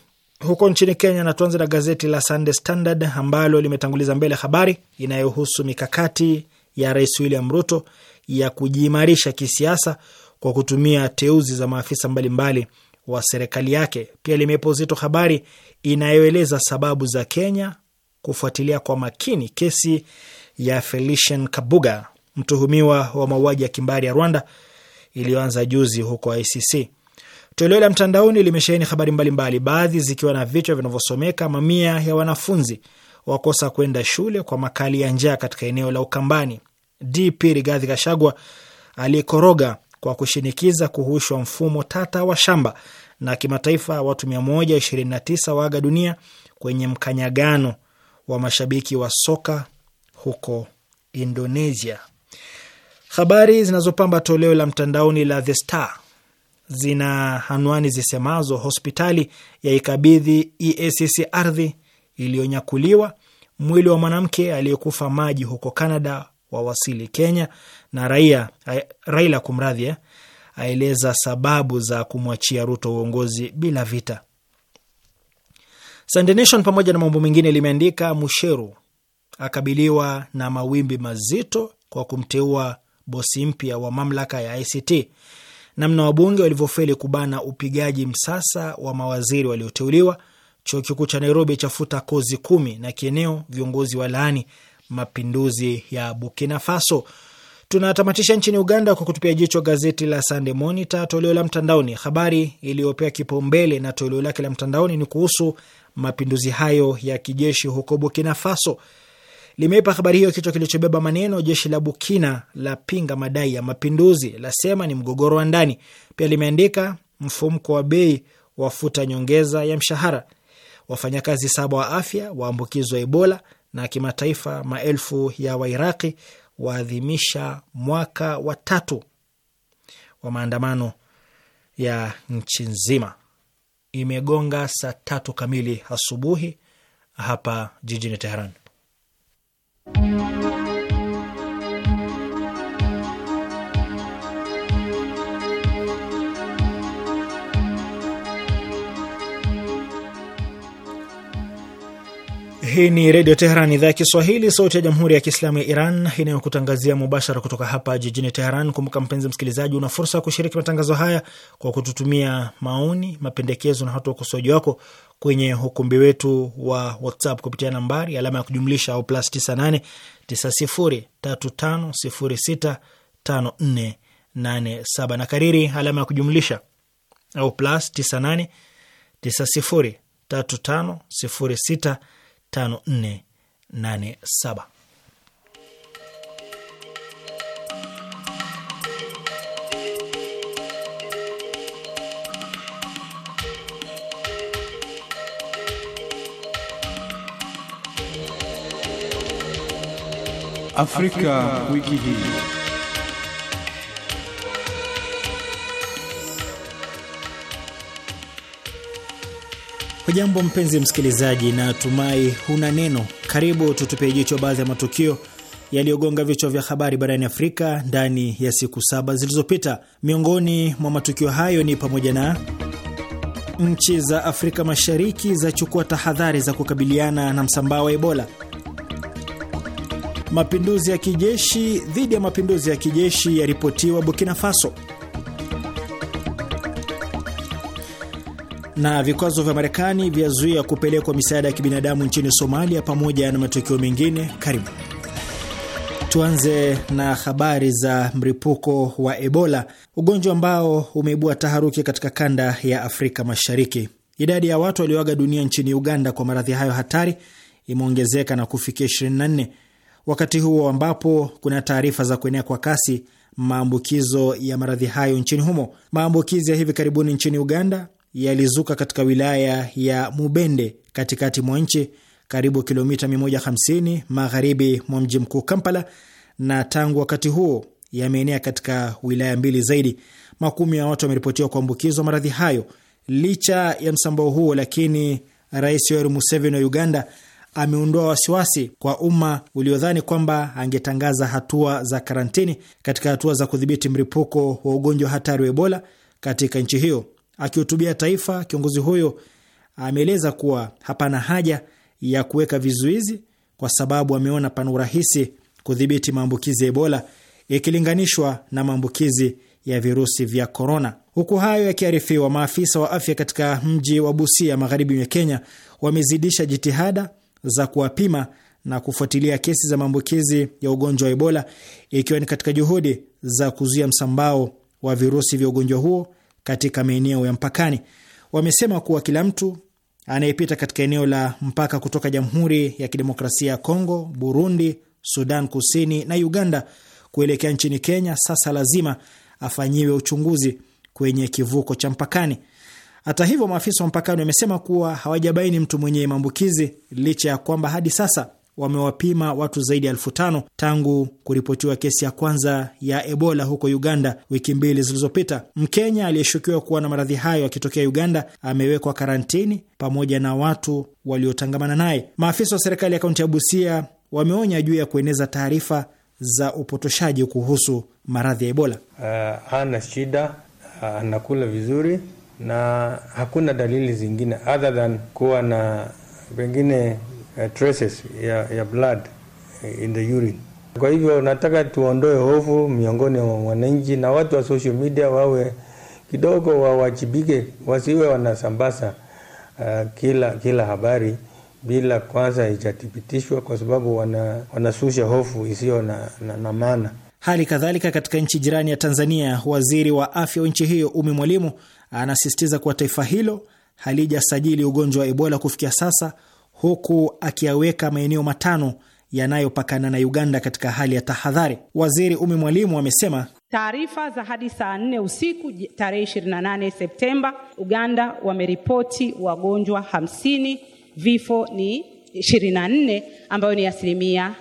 huko nchini Kenya na tuanze na gazeti la Sunday Standard ambalo limetanguliza mbele habari inayohusu mikakati ya Rais William Ruto ya kujiimarisha kisiasa kwa kutumia teuzi za maafisa mbalimbali mbali wa serikali yake. Pia limepo uzito habari inayoeleza sababu za Kenya kufuatilia kwa makini kesi ya Felician Kabuga, mtuhumiwa wa mauaji ya kimbari ya Rwanda iliyoanza juzi huko ICC. Toleo la mtandaoni limesheheni habari mbalimbali, baadhi zikiwa na vichwa vinavyosomeka mamia ya wanafunzi wakosa kwenda shule kwa makali ya njaa katika eneo la Ukambani, DP Rigathi Gachagua aliyekoroga kwa kushinikiza kuhushwa mfumo tata wa shamba. Na kimataifa, watu 129 waaga dunia kwenye mkanyagano wa mashabiki wa soka huko Indonesia. Habari zinazopamba toleo la mtandaoni la The Star zina anwani zisemazo hospitali ya ikabidhi EACC ardhi iliyonyakuliwa, mwili wa mwanamke aliyekufa maji huko Canada wawasili Kenya na raia, eh, Raila kumradhi, eh, aeleza sababu za kumwachia Ruto uongozi bila vita. Sunday Nation pamoja na mambo mengine limeandika Musheru akabiliwa na mawimbi mazito kwa kumteua bosi mpya wa mamlaka ya ICT, namna wabunge walivyofeli kubana upigaji msasa wa mawaziri walioteuliwa, chuo kikuu cha Nairobi chafuta kozi kumi na kieneo, viongozi wa laani mapinduzi ya Burkina Faso. Tunatamatisha nchini Uganda kwa kutupia jicho gazeti la Sunday Monitor toleo la mtandaoni. Habari iliyopewa kipaumbele na toleo lake la mtandaoni ni kuhusu mapinduzi hayo ya kijeshi huko Burkina Faso. Limeipa habari hiyo kichwa kilichobeba maneno jeshi la Burkina la pinga madai ya mapinduzi, lasema ni mgogoro wa ndani. Pia limeandika mfumko wa bei wafuta nyongeza ya mshahara, wafanyakazi saba wa afya waambukizwa Ebola na kimataifa, maelfu ya Wairaqi waadhimisha mwaka wa tatu wa maandamano ya nchi nzima. Imegonga saa tatu kamili asubuhi hapa jijini Teheran. Hii ni Redio Teheran, idhaa ya Kiswahili, sauti ya Jamhuri ya Kiislamu ya Iran inayokutangazia mubashara kutoka hapa jijini Teheran. Kumbuka mpenzi msikilizaji, una fursa ya kushiriki matangazo haya kwa kututumia maoni, mapendekezo na hata ukosoaji wako kwenye ukumbi wetu wa WhatsApp kupitia nambari alama ya kujumlisha au plus 98 na kariri alama ya kujumlisha au plus 98 Afrika, Afrika wiki hii. Hujambo mpenzi msikilizaji, na tumai huna neno. Karibu tutupie jicho baadhi ya matukio yaliyogonga vichwa vya habari barani Afrika ndani ya siku saba zilizopita. Miongoni mwa matukio hayo ni pamoja na nchi za Afrika Mashariki zachukua tahadhari za kukabiliana na msambao wa Ebola, mapinduzi ya kijeshi dhidi ya mapinduzi ya kijeshi yaripotiwa Burkina Faso na vikwazo vya Marekani vyazuia kupelekwa misaada ya kibinadamu nchini Somalia, pamoja na matukio mengine. Karibu tuanze na habari za mlipuko wa Ebola, ugonjwa ambao umeibua taharuki katika kanda ya Afrika Mashariki. Idadi ya watu walioaga dunia nchini Uganda kwa maradhi hayo hatari imeongezeka na kufikia 24 wakati huo ambapo kuna taarifa za kuenea kwa kasi maambukizo ya maradhi hayo nchini humo. Maambukizi ya hivi karibuni nchini Uganda yalizuka katika wilaya ya Mubende katikati mwa nchi karibu kilomita 150 magharibi mwa mji mkuu Kampala, na tangu wakati huo yameenea katika wilaya mbili zaidi. Makumi ya watu wameripotiwa kuambukizwa maradhi hayo. Licha ya msambao huo, lakini Rais Yoweri Museveni wa Uganda ameondoa wasiwasi kwa umma uliodhani kwamba angetangaza hatua za karantini katika hatua za kudhibiti mripuko wa ugonjwa hatari wa Ebola katika nchi hiyo. Akihutubia taifa, kiongozi huyo ameeleza kuwa hapana haja ya kuweka vizuizi kwa sababu ameona pana urahisi kudhibiti maambukizi ya Ebola ikilinganishwa na maambukizi ya virusi vya korona. Huku hayo yakiarifiwa, maafisa wa afya katika mji wa Busia magharibi mwa Kenya wamezidisha jitihada za kuwapima na kufuatilia kesi za maambukizi ya ugonjwa wa Ebola ikiwa ni katika juhudi za kuzuia msambao wa virusi vya ugonjwa huo katika maeneo ya mpakani. Wamesema kuwa kila mtu anayepita katika eneo la mpaka kutoka Jamhuri ya Kidemokrasia ya Kongo, Burundi, Sudan Kusini na Uganda kuelekea nchini Kenya sasa lazima afanyiwe uchunguzi kwenye kivuko cha mpakani. Hata hivyo, maafisa wa mpakani wamesema kuwa hawajabaini mtu mwenye maambukizi licha ya kwamba hadi sasa wamewapima watu zaidi ya elfu tano tangu kuripotiwa kesi ya kwanza ya Ebola huko Uganda wiki mbili zilizopita. Mkenya aliyeshukiwa kuwa na maradhi hayo akitokea Uganda amewekwa karantini pamoja na watu waliotangamana naye. Maafisa wa serikali ya kaunti ya Busia wameonya juu ya kueneza taarifa za upotoshaji kuhusu maradhi ya Ebola. Uh, hana shida, uh, anakula vizuri na hakuna dalili zingine other than kuwa na pengine Eh, traces ya, ya blood in the urine. Kwa hivyo nataka tuondoe hofu miongoni mwa wananchi na watu wa social media wawe kidogo wawajibike, wasiwe wanasambaza uh, eh, kila, kila habari bila kwanza ijathibitishwa kwa sababu wana, wanasusha hofu isiyo na, na, na maana. Hali kadhalika katika nchi jirani ya Tanzania, waziri wa afya wa nchi hiyo Umi Mwalimu anasisitiza kuwa taifa hilo halijasajili ugonjwa wa Ebola kufikia sasa huku akiyaweka maeneo matano yanayopakana na Uganda katika hali ya tahadhari. Waziri Umi Mwalimu amesema
taarifa za hadi saa nne usiku tarehe 28 Septemba, Uganda wameripoti wagonjwa hamsini, vifo ni 24 ambayo ni asilimia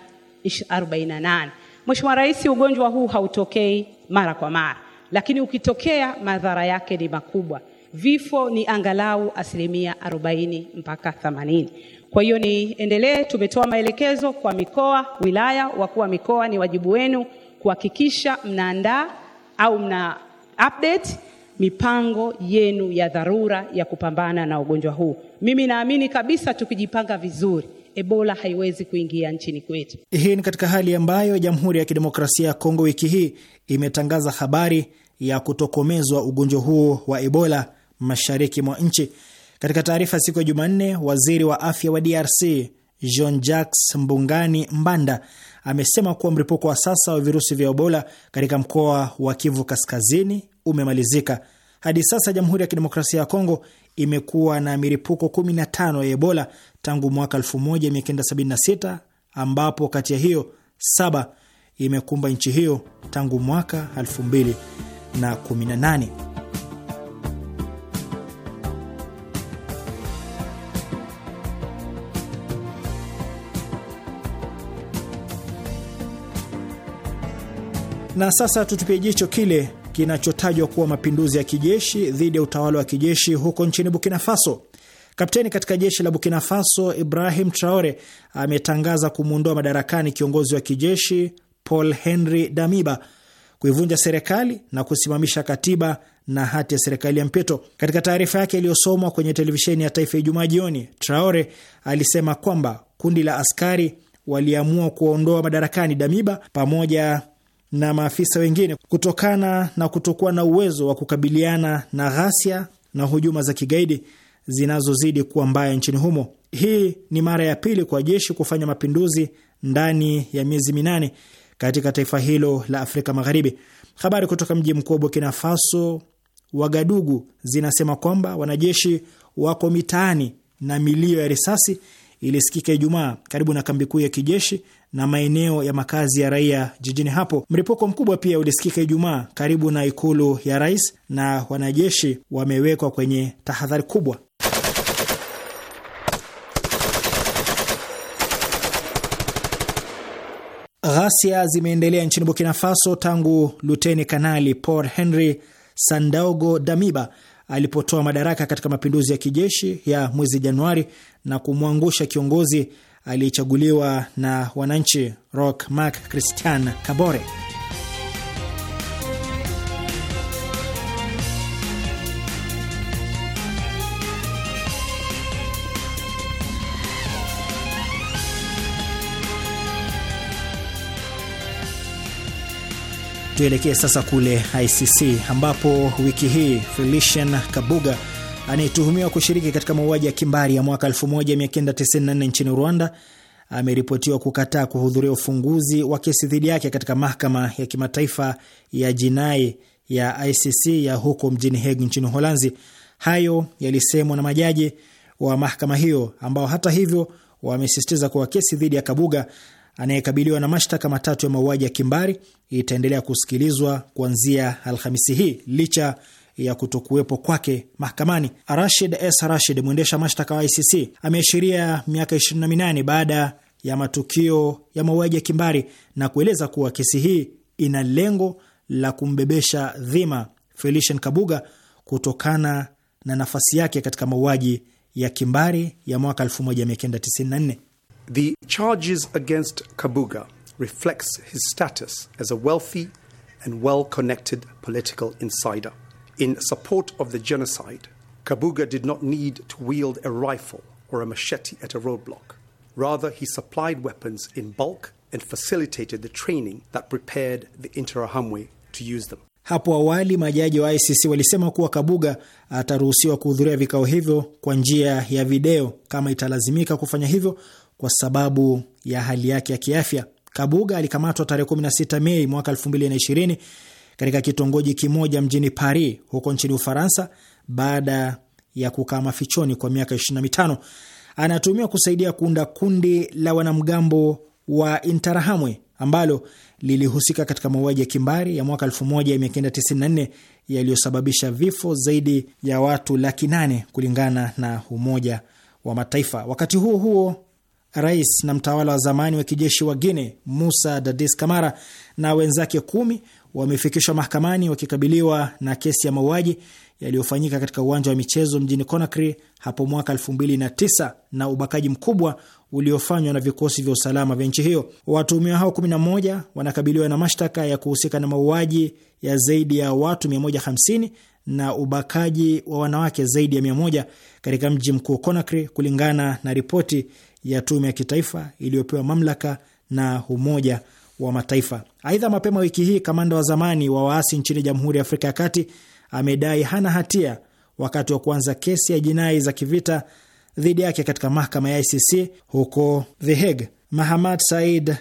48. Mheshimiwa Rais, ugonjwa huu hautokei mara kwa mara, lakini ukitokea madhara yake ni makubwa. Vifo ni angalau asilimia 40 mpaka thamanini kwa hiyo niendelee, tumetoa maelekezo kwa mikoa, wilaya, wakuu wa mikoa, ni wajibu wenu kuhakikisha mnaandaa au mna update mipango yenu ya dharura ya kupambana na ugonjwa huu. Mimi naamini kabisa tukijipanga vizuri Ebola haiwezi kuingia nchini kwetu.
Hii ni katika hali ambayo Jamhuri ya Kidemokrasia ya Kongo wiki hii imetangaza habari ya kutokomezwa ugonjwa huo wa Ebola mashariki mwa nchi. Katika taarifa siku ya Jumanne, waziri wa afya wa DRC Jean-Jacques Mbungani Mbanda amesema kuwa mlipuko wa sasa wa virusi vya Ebola katika mkoa wa Kivu Kaskazini umemalizika. Hadi sasa Jamhuri ya Kidemokrasia ya Kongo imekuwa na milipuko 15 ya Ebola tangu mwaka 1976 ambapo kati ya hiyo saba imekumba nchi hiyo tangu mwaka 2018. Na sasa tutupie jicho kile kinachotajwa kuwa mapinduzi ya kijeshi dhidi ya utawala wa kijeshi huko nchini Burkina Faso. Kapteni katika jeshi la Burkina Faso Ibrahim Traore ametangaza kumwondoa madarakani kiongozi wa kijeshi Paul Henry Damiba, kuivunja serikali na kusimamisha katiba na hati ya serikali ya mpito. Katika taarifa yake iliyosomwa kwenye televisheni ya taifa Ijumaa jioni, Traore alisema kwamba kundi la askari waliamua kuwaondoa madarakani Damiba pamoja na maafisa wengine kutokana na kutokuwa na uwezo wa kukabiliana na ghasia na hujuma za kigaidi zinazozidi kuwa mbaya nchini humo. Hii ni mara ya pili kwa jeshi kufanya mapinduzi ndani ya miezi minane katika taifa hilo la Afrika Magharibi. Habari kutoka mji mkuu wa Burkina Faso, Wagadugu, zinasema kwamba wanajeshi wako mitaani na milio ya risasi ilisikika Ijumaa karibu na kambi kuu ya kijeshi na maeneo ya makazi ya raia jijini hapo. Mlipuko mkubwa pia ulisikika Ijumaa karibu na ikulu ya rais, na wanajeshi wamewekwa kwenye tahadhari kubwa. Ghasia zimeendelea nchini Burkina Faso tangu luteni kanali Paul Henry Sandaogo Damiba alipotoa madaraka katika mapinduzi ya kijeshi ya mwezi Januari na kumwangusha kiongozi aliyechaguliwa na wananchi Roch Marc Christian Kabore. Tuelekee sasa kule ICC ambapo wiki hii Felician Kabuga anayetuhumiwa kushiriki katika mauaji ya kimbari ya mwaka 1994 nchini Rwanda ameripotiwa kukataa kuhudhuria ufunguzi wa kesi dhidi yake katika mahakama ya kimataifa ya jinai ya ICC ya huko mjini Hague nchini Uholanzi. Hayo yalisemwa na majaji wa mahakama hiyo ambao hata hivyo wamesisitiza kuwa kesi dhidi ya Kabuga anayekabiliwa na mashtaka matatu ya mauaji ya kimbari itaendelea kusikilizwa kuanzia Alhamisi hii licha ya kutokuwepo kwake mahakamani. Rashid S Rashid, mwendesha mashtaka wa ICC, ameashiria miaka 28 baada ya matukio ya mauaji ya kimbari na kueleza kuwa kesi hii ina lengo la kumbebesha dhima Felician Kabuga kutokana na nafasi yake katika mauaji ya kimbari ya mwaka 1994. The charges against Kabuga reflects his status as a wealthy and well-connected political insider. In support of the genocide, Kabuga did not need to wield a rifle or a machete at a roadblock. Rather, he supplied weapons in bulk and facilitated the training that prepared the Interahamwe to use them. Hapo awali majaji wa ICC walisema kuwa Kabuga ataruhusiwa kuhudhuria vikao hivyo kwa njia ya video kama italazimika kufanya hivyo kwa sababu ya hali yake ya kiafya. Kabuga alikamatwa tarehe 16 Mei mwaka 2020 katika kitongoji kimoja mjini Paris huko nchini Ufaransa baada ya kukaa mafichoni kwa miaka 25. Anatumiwa kusaidia kuunda kundi la wanamgambo wa Interahamwe ambalo lilihusika katika mauaji ya kimbari ya mwaka 1994 yaliyosababisha vifo zaidi ya watu laki nane kulingana na Umoja wa Mataifa. Wakati huo huo, rais na mtawala wa zamani wa kijeshi wa guine Musa Dadis Kamara na wenzake kumi wamefikishwa mahakamani wakikabiliwa na kesi ya mauaji yaliyofanyika katika uwanja wa michezo mjini Conakry hapo mwaka 2009 na ubakaji mkubwa uliofanywa na vikosi vya usalama vya nchi hiyo. Watuhumiwa hao 11 wanakabiliwa na mashtaka ya kuhusika na mauaji ya zaidi ya watu 150 na ubakaji wa wanawake zaidi ya 100 katika mji mkuu Conakry, kulingana na ripoti ya tume ya kitaifa iliyopewa mamlaka na Umoja wa Mataifa. Aidha, mapema wiki hii kamanda wa zamani wa waasi nchini Jamhuri ya Afrika ya Kati amedai hana hatia wakati wa kuanza kesi ya jinai za kivita dhidi yake katika mahakama ya ICC huko The Hague. Mahamad Said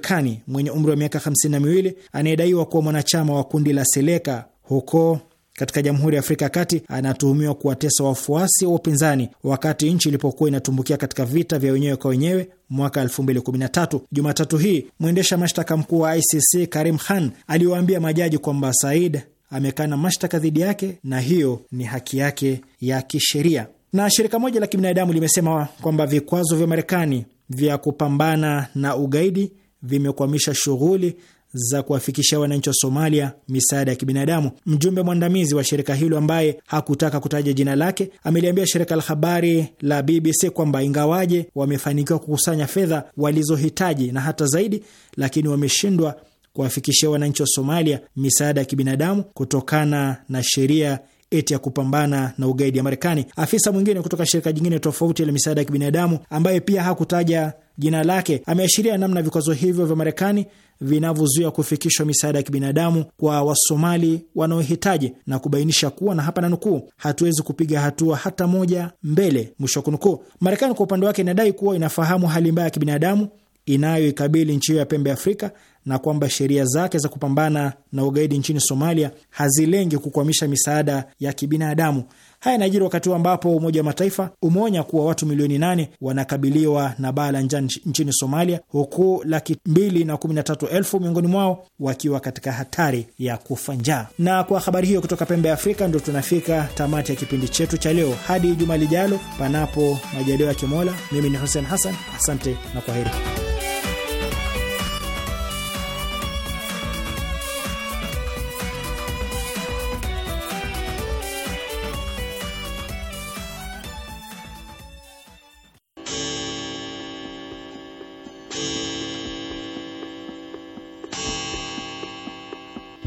kani mwenye umri wa miaka miwili anayedaiwa kuwa mwanachama wa kundi la Seleka huko katika Jamhuri ya Afrika ya Kati anatuhumiwa kuwatesa wafuasi wa upinzani wakati nchi ilipokuwa inatumbukia katika vita vya wenyewe kwa wenyewe mwaka 2013. Jumatatu hii mwendesha mashtaka mkuu wa ICC Karim Khan aliwaambia majaji kwamba Said amekana mashtaka dhidi yake na hiyo ni haki yake ya kisheria. Na shirika moja la kibinadamu limesema kwamba vikwazo vya Marekani vya kupambana na ugaidi vimekwamisha shughuli za kuwafikishia wananchi wa Somalia misaada ya kibinadamu. Mjumbe mwandamizi wa shirika hilo ambaye hakutaka kutaja jina lake ameliambia shirika la habari la BBC kwamba ingawaje wamefanikiwa kukusanya fedha walizohitaji na hata zaidi, lakini wameshindwa kuwafikishia wananchi wa Somalia misaada ya kibinadamu kutokana na sheria eti ya kupambana na ugaidi ya Marekani. Afisa mwingine kutoka shirika jingine tofauti la misaada ya kibinadamu ambaye pia hakutaja jina lake ameashiria namna vikwazo hivyo vya Marekani vinavyozuia kufikishwa misaada ya kibinadamu kwa Wasomali wanaohitaji na kubainisha kuwa, na hapa nanukuu, hatuwezi kupiga hatua hata moja mbele, mwisho wa kunukuu. Marekani kwa upande wake inadai kuwa inafahamu hali mbaya ya kibinadamu inayoikabili nchi hiyo ya pembe Afrika na kwamba sheria zake za kupambana na ugaidi nchini Somalia hazilengi kukwamisha misaada ya kibinadamu. Haya yanajiri wakati huu ambapo Umoja wa Mataifa umeonya kuwa watu milioni nane wanakabiliwa na baa la njaa nchini Somalia, huku laki mbili na kumi na tatu elfu miongoni mwao wakiwa katika hatari ya kufa njaa. Na kwa habari hiyo kutoka pembe ya Afrika, ndio tunafika tamati ya kipindi chetu cha leo. Hadi juma lijalo, panapo majaliwa ya Kimola, mimi ni Hussein Hassan, asante na kwaheri.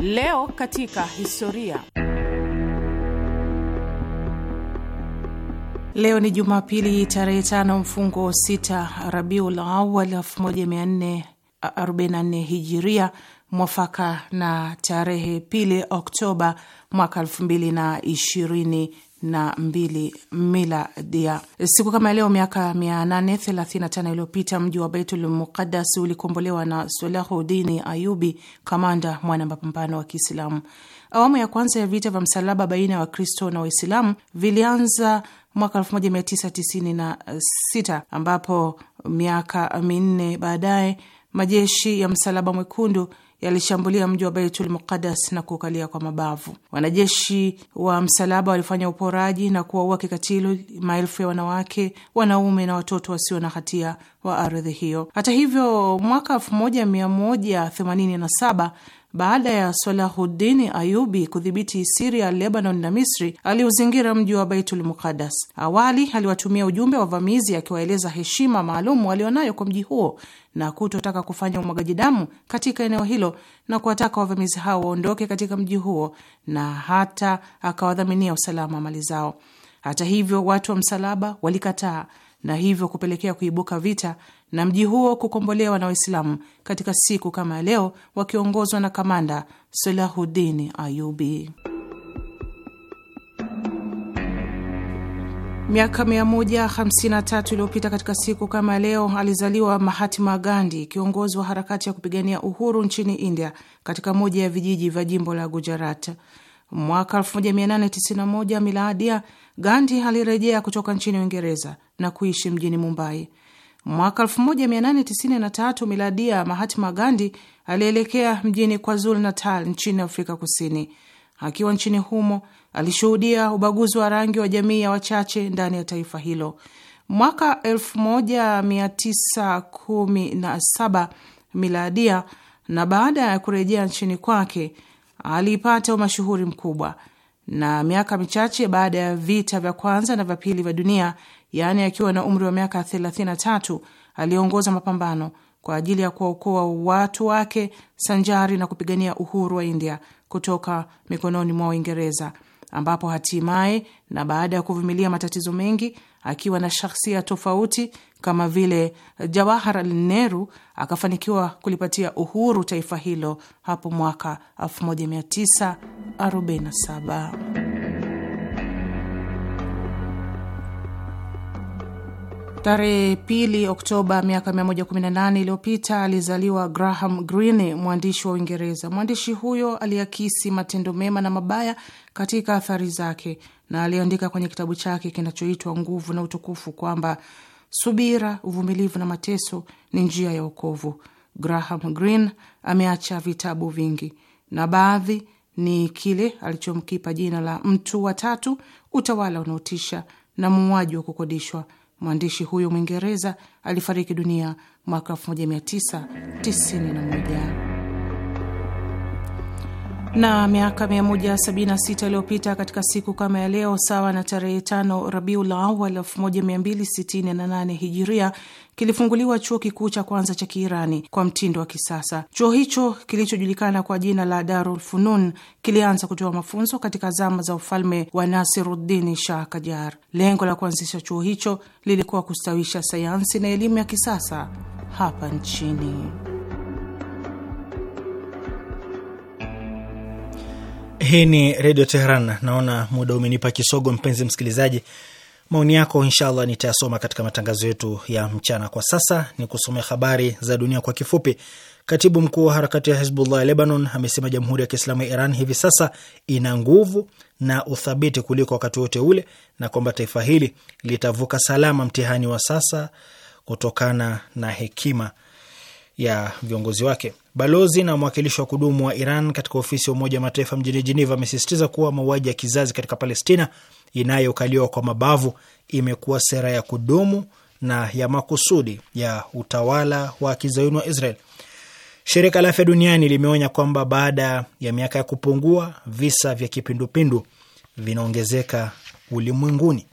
Leo katika historia. Leo ni Jumapili tarehe tano mfungo sita Rabiul Awal 1444 Hijiria, mwafaka na tarehe pili Oktoba mwaka elfu mbili na ishirini na mbili miladia. Siku kama leo miaka 835 iliyopita mji wa Baitul Muqaddas ulikombolewa na Salahudini Ayubi, kamanda mwana mapambano wa Kiislamu. Awamu ya kwanza ya vita vya msalaba baina ya wa Wakristo na Waislamu vilianza mwaka sita ambapo miaka minne baadaye majeshi ya Msalaba Mwekundu yalishambulia mji wa Baitul Muqadas na kuukalia kwa mabavu. Wanajeshi wa msalaba walifanya uporaji na kuwaua kikatili maelfu ya wanawake, wanaume na watoto wasio na hatia wa ardhi hiyo. Hata hivyo, mwaka 1187 baada ya Salahudini Ayubi kudhibiti Siria, Lebanon na Misri, aliuzingira mji wa Baitul Muqadas. Awali aliwatumia ujumbe wa vamizi akiwaeleza heshima maalum walionayo kwa mji huo na kutotaka kufanya umwagaji damu katika eneo hilo na kuwataka wavamizi hao waondoke katika mji huo na hata akawadhaminia usalama wa mali zao. Hata hivyo, watu wa msalaba walikataa na hivyo kupelekea kuibuka vita na mji huo kukombolewa na Waislamu katika siku kama ya leo wakiongozwa na kamanda Salahuddin Ayubi. Miaka 153 iliyopita katika siku kama leo alizaliwa Mahatma Gandhi, kiongozi wa harakati ya kupigania uhuru nchini India, katika moja ya vijiji vya jimbo la Gujarat. Mwaka 1891 miladia, Gandhi alirejea kutoka nchini Uingereza na kuishi mjini Mumbai. Mwaka 1893 miladia, Mahatma Gandhi alielekea mjini Kwazulu Natal nchini Afrika Kusini. Akiwa nchini humo alishuhudia ubaguzi wa rangi wa jamii ya wachache ndani ya taifa hilo. Mwaka 1917 miladia, na baada ya kurejea nchini kwake aliipata umashuhuri mkubwa na miaka michache baada ya vita vya kwanza na vya pili vya dunia, yaani akiwa na umri wa miaka 33, aliongoza mapambano kwa ajili ya kuwaokoa watu wake sanjari na kupigania uhuru wa India kutoka mikononi mwa Uingereza, ambapo hatimaye na baada ya kuvumilia matatizo mengi, akiwa na shahsia tofauti kama vile Jawaharlal Nehru akafanikiwa kulipatia uhuru taifa hilo hapo mwaka 1947. Tarehe pili Oktoba miaka 118 iliyopita alizaliwa Graham Greene, mwandishi wa Uingereza. Mwandishi huyo aliakisi matendo mema na mabaya katika athari zake, na aliandika kwenye kitabu chake kinachoitwa Nguvu na Utukufu kwamba Subira, uvumilivu na mateso ni njia ya wokovu. Graham Greene ameacha vitabu vingi na baadhi ni kile alichomkipa jina la Mtu wa Tatu, Utawala Unaotisha na Muuaji wa Kukodishwa. Mwandishi huyo Mwingereza alifariki dunia mwaka 1991 na miaka 176 iliyopita katika siku kama ya leo, sawa na tarehe 5 Rabiul Awal 1268 Hijiria, kilifunguliwa chuo kikuu cha kwanza cha Kiirani kwa mtindo wa kisasa. Chuo hicho kilichojulikana kwa jina la Darul Funun kilianza kutoa mafunzo katika zama za ufalme wa Nasiruddin Shah Kajar. Lengo la kuanzisha chuo hicho lilikuwa kustawisha sayansi na elimu ya kisasa hapa nchini.
Hii ni Redio Teheran. Naona muda umenipa kisogo, mpenzi msikilizaji. Maoni yako inshallah nitayasoma katika matangazo yetu ya mchana. Kwa sasa ni kusomea habari za dunia kwa kifupi. Katibu mkuu wa harakati ya Hizbullah ya Lebanon amesema jamhuri ya Kiislamu ya Iran hivi sasa ina nguvu na uthabiti kuliko wakati wote ule, na kwamba taifa hili litavuka salama mtihani wa sasa kutokana na hekima ya viongozi wake. Balozi na mwakilishi wa kudumu wa Iran katika ofisi ya Umoja wa Mataifa mjini Jeneva amesisitiza kuwa mauaji ya kizazi katika Palestina inayokaliwa kwa mabavu imekuwa sera ya kudumu na ya makusudi ya utawala wa kizayuni wa Israel. Shirika la Afya Duniani limeonya kwamba baada ya miaka ya kupungua, visa vya kipindupindu vinaongezeka ulimwenguni.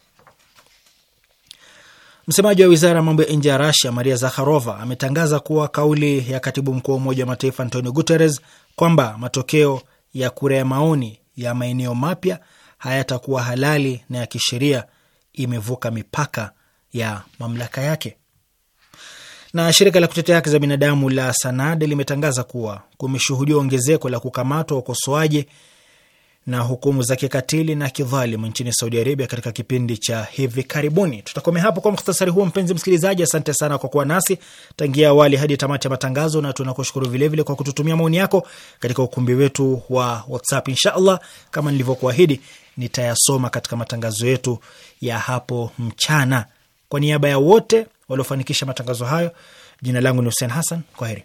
Msemaji wa wizara ya mambo ya nje ya Rasia Maria Zakharova ametangaza kuwa kauli ya katibu mkuu wa Umoja wa Mataifa Antonio Guterres kwamba matokeo ya kura ya maoni ya maeneo mapya hayatakuwa halali na ya kisheria imevuka mipaka ya mamlaka yake. Na shirika la kutetea haki za binadamu la Sanad limetangaza kuwa kumeshuhudiwa ongezeko la kukamatwa wakosoaji na hukumu za kikatili na kidhalimu nchini Saudi Arabia katika kipindi cha hivi karibuni. Tutakomea hapo kwa mukhtasari huo, mpenzi msikilizaji. Asante sana kwa kuwa nasi tangia awali hadi tamati ya matangazo, na tunakushukuru vilevile kwa kututumia maoni yako katika ukumbi wetu wa WhatsApp. Insha allah kama nilivyokuahidi, nitayasoma katika matangazo yetu ya hapo mchana. Kwa niaba ya wote waliofanikisha matangazo hayo, jina langu ni Hussein Hassan. heri.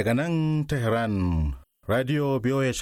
Daga nan Tehran, Radio BOH